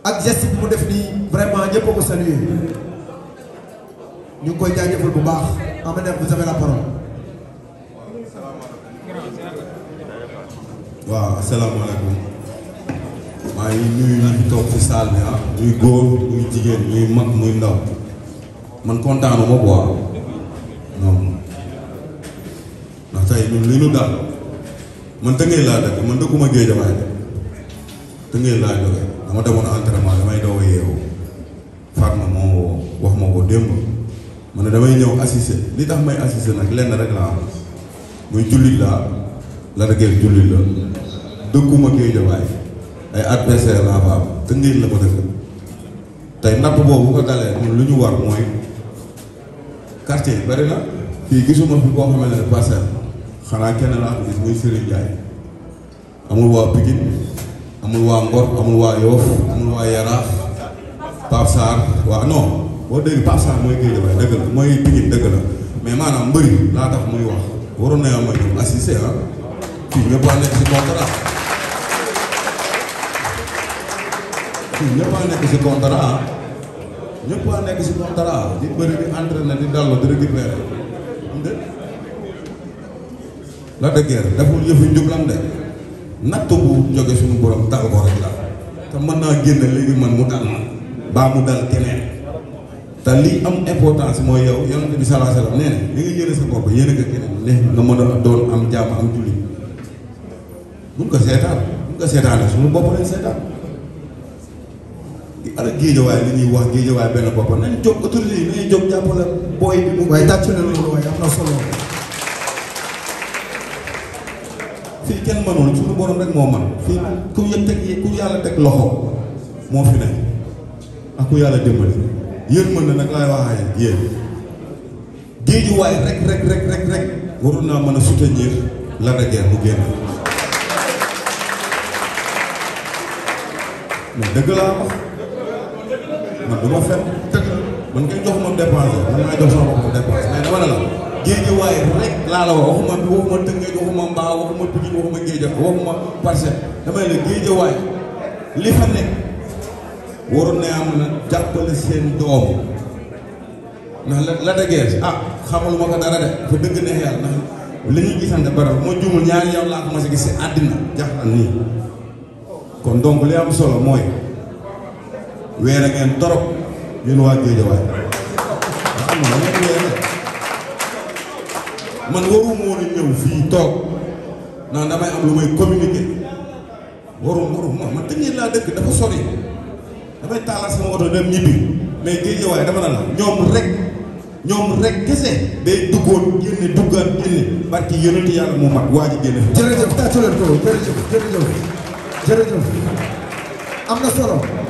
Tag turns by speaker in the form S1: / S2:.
S1: ak geste bi mu def nii vraiment ñëpp a ko saluer ñu ngi koy jaajëfal bu baax Amady vous avez la parole. waaw asalaamaaleykum maa ngi nuyu ñi fi toog ci salle bi ah ñuy góor ñuy jigéen ñuy mag muy ndaw man kontaanu ma quoi non ndax tey ñun li ñu dal man dëngay laa dëkk man dëkkuma géej a maay dëkk dëngay laa jógee. dama demoon entraînement damay doog a yeewu Fatma moo woo wax ma ko démb ma ne damay ñëw assister li tax may assister nag lenn rek laa am muy jullit laa la rëggee jullit la dëkkuma Géejawaay ay adversaire laa fa la ma def tey napp boobu ko dalee ñun lu ñu war mooy quartier yi fii gisuma fi koo xamante ne parcelle xanaa kenn laa muy Serigne Ndiaye amul waa Pikine. amul waa Ngor amul waa Yoof amul waa Yaraax Pape waa non boo dégg Pape mooy géej waaye dëgg la mooy Pikine dëgg la mais maanaam mbëri laa tax muy wax waroon na yow ma ñoom assisté ah fii ñëpp a nekk si contrat fii ñëpp nekk si contrat ah. ñëpp ah. di bëri di entraîné di dallu di récupéré am de la de guerre deful yëfu njublam de nattu bu jóge suñu borom dal ko rek la te mën naa génn léegi man mu dal man baa mu dal keneen te li am importance mooy yow yonent bi sallallahu alayhi wasallam li nga yéene sa bopp yéene nga keneen ne nga mën a doon am jàmm am julli mun ko seetaan mun ko seetaane suñu bopp lañ seetaan di ala géejawaay li ñuy wax géejawaay benn bopp nañ jóg autorité yi nañu jóg jàppale booy bi waaye tàcc na loolu waaye am na solo fii kenn mënul suñu borom rek moo mën fii ku yëpp teg ku yàlla teg loxo moo fi ne ak ku yàlla dimbali yéen mën na nag laay wax ak yéen géejuwaay rek rek rek rek rek waroon naa mën a soutenir la guerre bu génn mais dëgg laa wax man du ma fen dëgg man koy jox moom dépense man maa jox sama bopp dépense mais dama ne la géejewaay rek laa la wax waxuma waxuma Tëngéej waxuma Mbao waxuma Pikine waxuma géeja waxuma Parcelles damay la géejewaay li fa nekk waroon na am na jàppale seen doom ndax la la dëggee ah xamaluma ko dara de fa dëgg ne yàlla ndax li gisante bara moo juumul ñaari yow laa ko ma si gis si àddina jaxlan nii kon donc li am solo mooy weer a ngeen torop yéen waa géejewaay man waru moo ne ñëw fii toog non damay am lu may communiquer waru waru ma man tëj laa dëkk dafa sori damay taalal sama oto dem ñibbi mais géejewaay dama na la ñoom rek ñoom rek kese day duggoon génne duggaat génne barki yonente yàlla mu mag waa ji génne. jërëjëf tàccu leen ko jërëjëf jërëjëf jërëjëf am na solo.